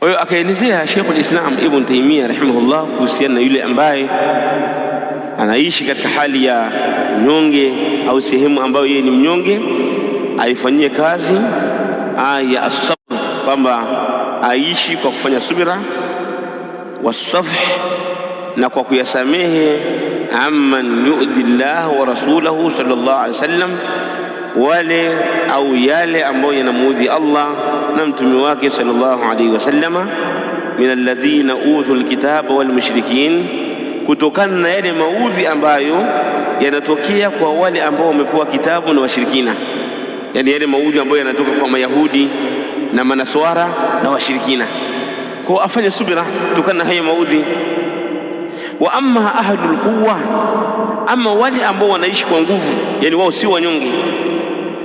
Kwa hiyo akaelezea Sheikhul Islam Ibn Taymiyyah rahimahullah kuhusiana na yule ambaye anaishi katika hali ya mnyonge au sehemu ambayo yeye ni mnyonge, aifanyie kazi aya ah, asabr, kwamba aishi kwa kufanya subira, wasafh, na kwa kuyasamehe, amman yu'dhi Allah wa rasulahu sallallahu alaihi wasallam wale au yale ambayo yanamuudhi Allah na mtume wake sallallahu alaihi wasallama, min alladhina utu lkitaba wal kutokana na yale maudhi ambayo yanatokea kwa wale ambao wamepewa kitabu na washirikina, yani yale maudhi ambayo yanatoka kwa Mayahudi na Manaswara na washirikina, kwa afanye subira kutokana na hayo maudhi. Wa amma ahlul quwwa, ama wale ambao wanaishi kwa nguvu, yani wao si wanyonge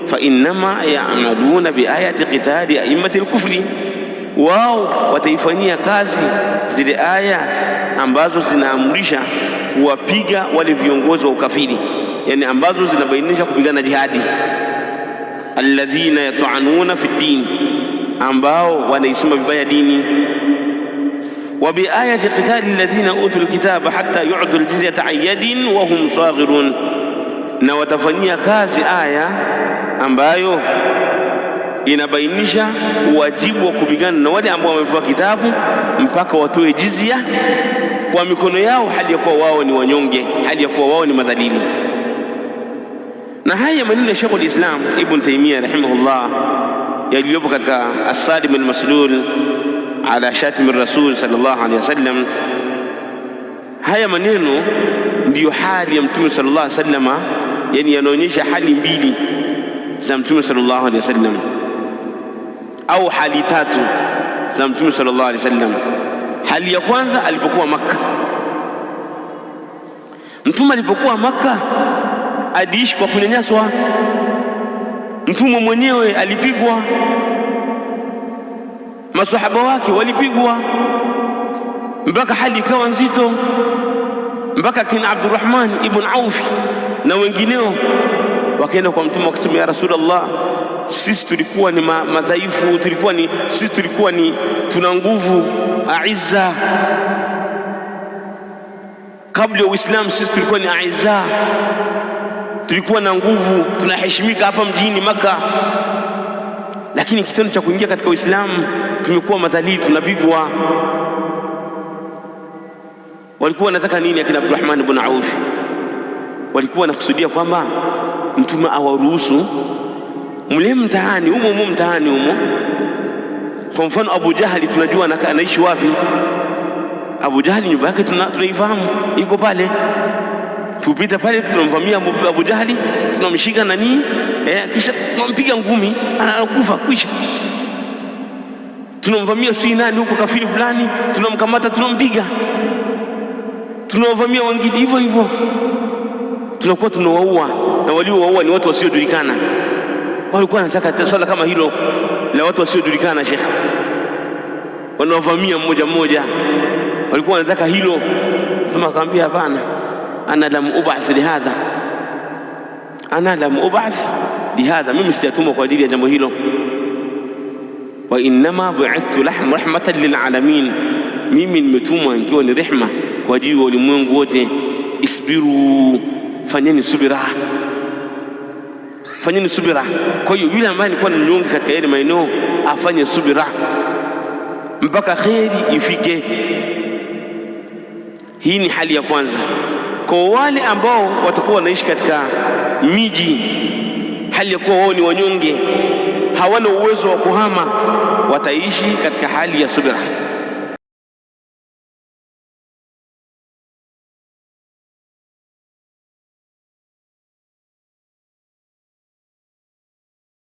fa innama ya'maluna biayati qitali a'immati lkufri, wao wataifanyia kazi zile aya ambazo zinaamrisha kuwapiga wale viongozi wa ukafiri, yani ambazo zinabainisha kupigana jihadi. Alladhina yataanuna fi ddin, ambao wanaisema vibaya dini wa biayati qitali alladhina utul kitaba hatta yu'tu aljizyata an yadin wa hum saghirun na watafanyia kazi aya ambayo inabainisha wajibu wa kupigana na wale ambao wamepewa kitabu mpaka watoe jizia kwa mikono yao, hali ya kuwa wao ni wanyonge, hali ya kuwa wao ni madhalili. Na haya maneno ya Sheikhul Islam Ibn Taymiyyah rahimahullah yaliyopo katika As-Salim al-Maslul ala shatimi rasul sallallahu alayhi wasallam, haya maneno ndiyo hali ya Mtume sallallahu alaihi wasallama yani yanaonyesha hali mbili za Mtume sallallahu alaihi wasallam au hali tatu za Mtume sallallahu alaihi wasallam. Hali ya kwanza alipokuwa Makka, Mtume alipokuwa Makka aliishi kwa kunyanyaswa. Mtume mwenyewe alipigwa, masahaba wake walipigwa mpaka hali ikawa nzito mpaka kina Abdurrahman ibn Auf na wengineo wakaenda kwa mtume wakasema, ya Rasulullah, sisi tulikuwa ni ma madhaifu, tulikuwa ni sisi tulikuwa ni tuna nguvu aiza kabla ya Uislamu. Sisi tulikuwa ni aiza, tulikuwa na nguvu, tunaheshimika hapa mjini Maka, lakini kitendo cha kuingia katika Uislamu tumekuwa madhalili, tunapigwa Walikuwa wanataka nini akina Abdurrahman ibn Auf? Walikuwa wanakusudia kwamba mtume awaruhusu mle mtaani humo humo mtaani humo. Kwa mfano Abu Jahali tunajua anaishi wapi. Abu Jahali nyumba yake tunaifahamu, iko pale, tupita pale, tunamvamia Abu Jahali, tunamshika nanii eh, kisha tunampiga ngumi, anakufa kwisha. Tunamvamia si nani huko kafiri fulani, tunamkamata, tunampiga tunawavamia wengine hivyo hivyo, tunakuwa tunawaua, na waliowaua ni watu wasiojulikana. Walikuwa wanataka swala kama hilo la watu wasiojulikana, Sheikh, wanawavamia mmoja mmoja, walikuwa wanataka hilo. Mtume akamwambia hapana, ana lam ubath lihadha, ana lam ubath lihadha, mimi sijatumwa kwa ajili ya jambo hilo wa innama bu'ithtu rahmatan lil alamin, mimi nimetumwa nikiwa ni rehma kwa juu ulimwengu wote, isbiru, fanyeni subira, fanyeni subira. Kwa hiyo yule ambaye alikuwa ni mnyonge katika yale maeneo afanye subira mpaka kheri ifike. Hii ni hali ya kwanza. Kwa wale ambao watakuwa wanaishi katika miji, hali ya kuwa wao ni wanyonge, hawana uwezo wa kuhama, wataishi katika hali ya subira.